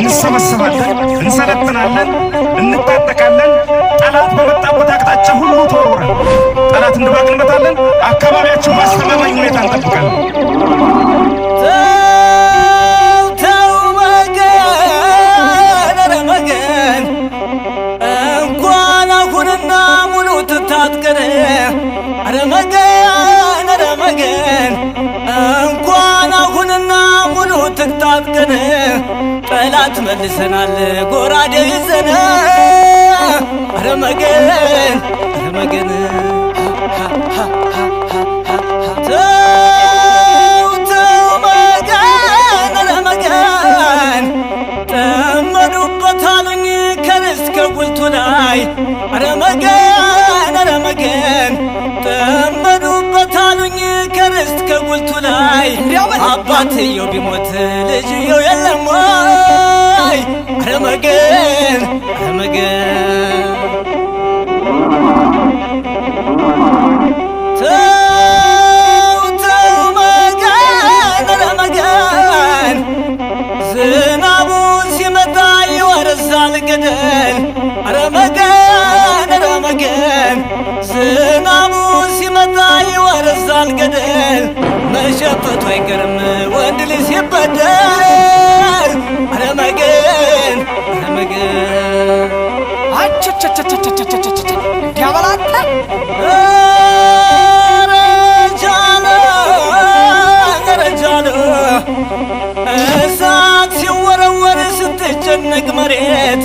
እንሰበሰባለን፣ እንሰለጥናለን፣ እንታጠቃለን። ጠላት በመጣበት አቅጣጫ ሁሉ ተወርውረን ጠላት እንድባቅንበታለን። አካባቢያቸው ማስተማማኝ ሁኔታ እንጠብቃለን። አረመገን አረመገን እንኳን አሁንና ሙሉ ትታጥቀን ጠላት መልሰናል ጎራዴ ይዘና አረመገን አረመገን ጠመዱበታሉኝ ላይ አረመገን አረመገን ጠመዱበታሉኝ ላይ አባትየው ቢሞት ልጅየው የለም አይ ረመገን ረመገን ተው ተመገን ረመገን ዝናቡ ሲመጣ ይወርሳል ገደል ረመገን ረመገን ዝናቡ ሲመጣ ይወርሳል ገደል መሸፈቱ አይቀርም ወንድ ልጅ ሲበደል እንዲያበላቀ ረጃነ እሳት ሲወረወር ስትጨነቅ መሬት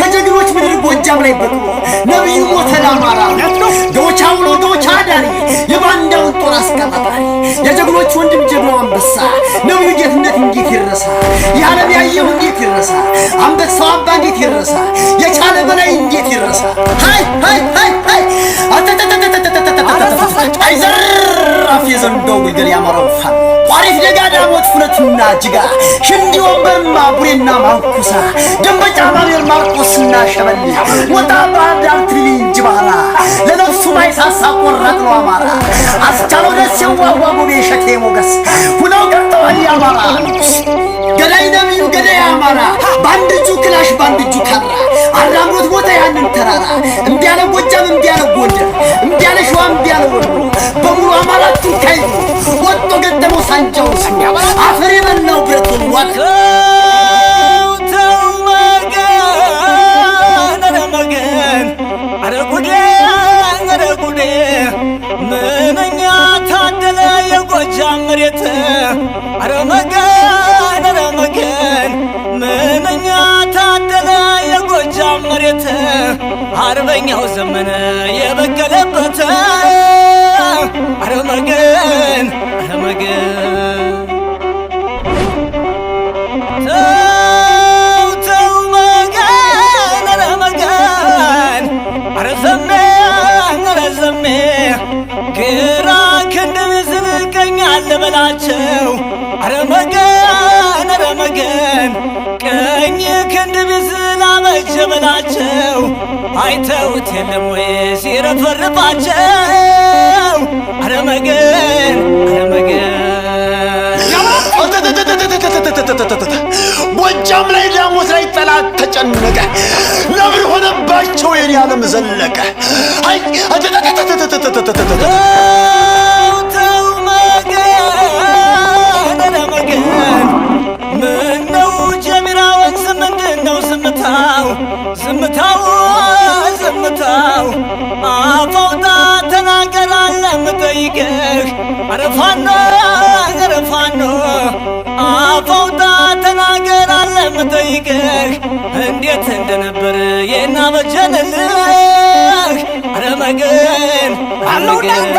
ከጀግኖች ምድር ጎጃም ላይ በቅሎ ነቢዩ ሞተን አማራ ደወቻ ውሎ ደወቻ አዳሪ የባንዳውን ጦር አስቀጣጣሪ የጀግኖች ወንድም ጀግናው አንበሳ ነቢዩ ጌትነት እንዴት ይረሳ? የዓለም ያየው እንዴት ይረሳ? አንበሳው አባ እንዴት ይረሳ? የቻለ በላይ እንዴት ይረሳ? ሀይ ሀይ ሀይ ሀይ አይዘራፍ የዘንዶው ግልገል ያመራው አሪፍ ደጋዳሞች ሁለቱና ጅጋ ሽንዲ ወንበርማ ቡሬና ማንኩሳ ደንበጫ ባቤል ማርቆስና ሸበል ወጣ ባህር ዳር ትሪሊን ጅባላ ለነፍሱ ማይሳሳ ቆራጥ ነው አማራ አስቻለው ደስ የዋዋ ቦቤ ሸቴ ሞገስ ሁነው ገብተዋል አማራ ገዳይ ነቢዩ ገዳይ አማራ በአንድ እጁ ክላሽ በአንድ እጁ ካራ አራምሮት ቦታ ያንን ተራራ እምቢያለ ጎጃም እምቢያለ ጎንደር እምቢያለ ሸዋ እምቢያለ ወሎ በሙሉ አማራ ቱካይ ሳንጃውን ስሚያ አፈር የበላው ብረቱን ምንኛ ታደለ የጎጃም መሬት ምንኛ ታደለ የጎጃም መሬት አርበኛው ዘመነ የበቀለበት አረመገን መገን ኧረ መገን ተው ተው መገን ኧረ መገን ኧረ ግራ ክንድም ዝብቀኛ አልበላቸው ኧረ መገን ቀኝ ክንድ ቢስላ በላቸው አይተውት የለም ወይ ሲረፈርፋቸው ነው። አረመገን አረመገን ጎጃም ላይ ዳሞት ላይ ጠላት ተጨነቀ። ነብር ሆነባቸው የኔ ዓለም ዘለቀ። አይ አየሽ አረፋኖ አረፋኖ አፈውታ ተናገር አለ ምጠይቅሽ እንዴት እንደነበር የናበጀንልሽ አረመግን አለውዳንተ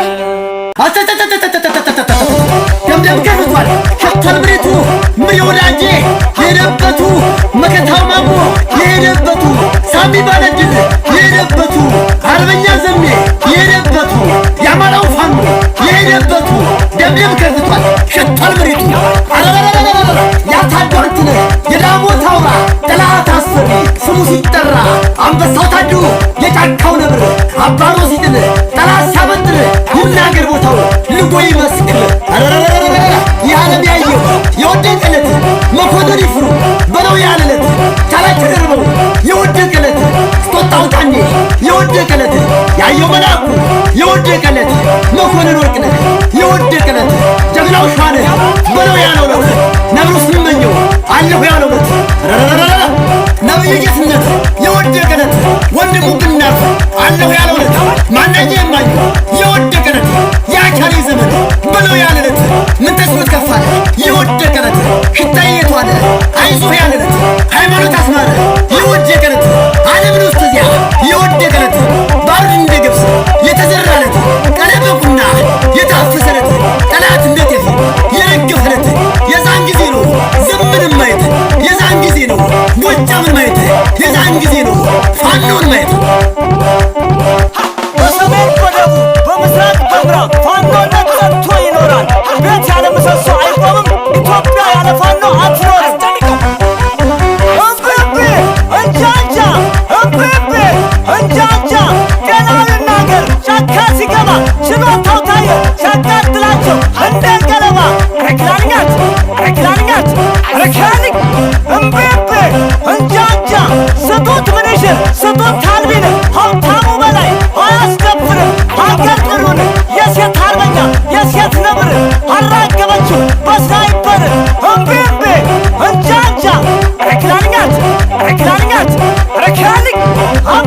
ደምደም ገርቷል ተብሬቱ ምየወዳጄ የሄደበቱ መከታው ማሞ የሄደበቱ ሳሚ ባለድል የሄደበቱ አርበኛ ዘሜ የሄደ አንበሳው ታድሮ የጫካው ነብር አባሮ ሲጥል ጠላት ሲያበጥር ይናገር ቦታው ልቦ ይመስክል የዓለም ያየው የወደቀለት መኮንን ይፍሩ በለው ያለለት ከላይ ተደርበው የወደቀለት ስጦታው ቃኔ የወደቀለት ያየው መልአኩ የወደቀለት መኮንን ወርቅነህ የወደቀለት ጀግናው ሸዋነህ በለው ያለውለት ነብሩ ስንመኘው አለሁ ያለውለት በልጅትነት የወደቀለት ወንድሙ ብናት አለሁ ያለውለት ማናየ የማየ የወደቀለት ሰንደቅ ይኖራል። ቤት ያለ ምሰሶ አይቆምም። ኢትዮጵያ ያለ ፋኖ አትኖርም። እንጃጃ እንጃንጃ እምብብ እንጃንጃ ጫካ ሲገባ ችሎት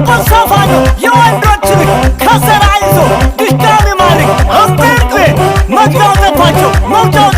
አንበሳ የወንዶችን ከዘራ ይዞ ድሽቃን ማድረግ አስጠርቅ መግቢያው ጠፋቸው መውጫው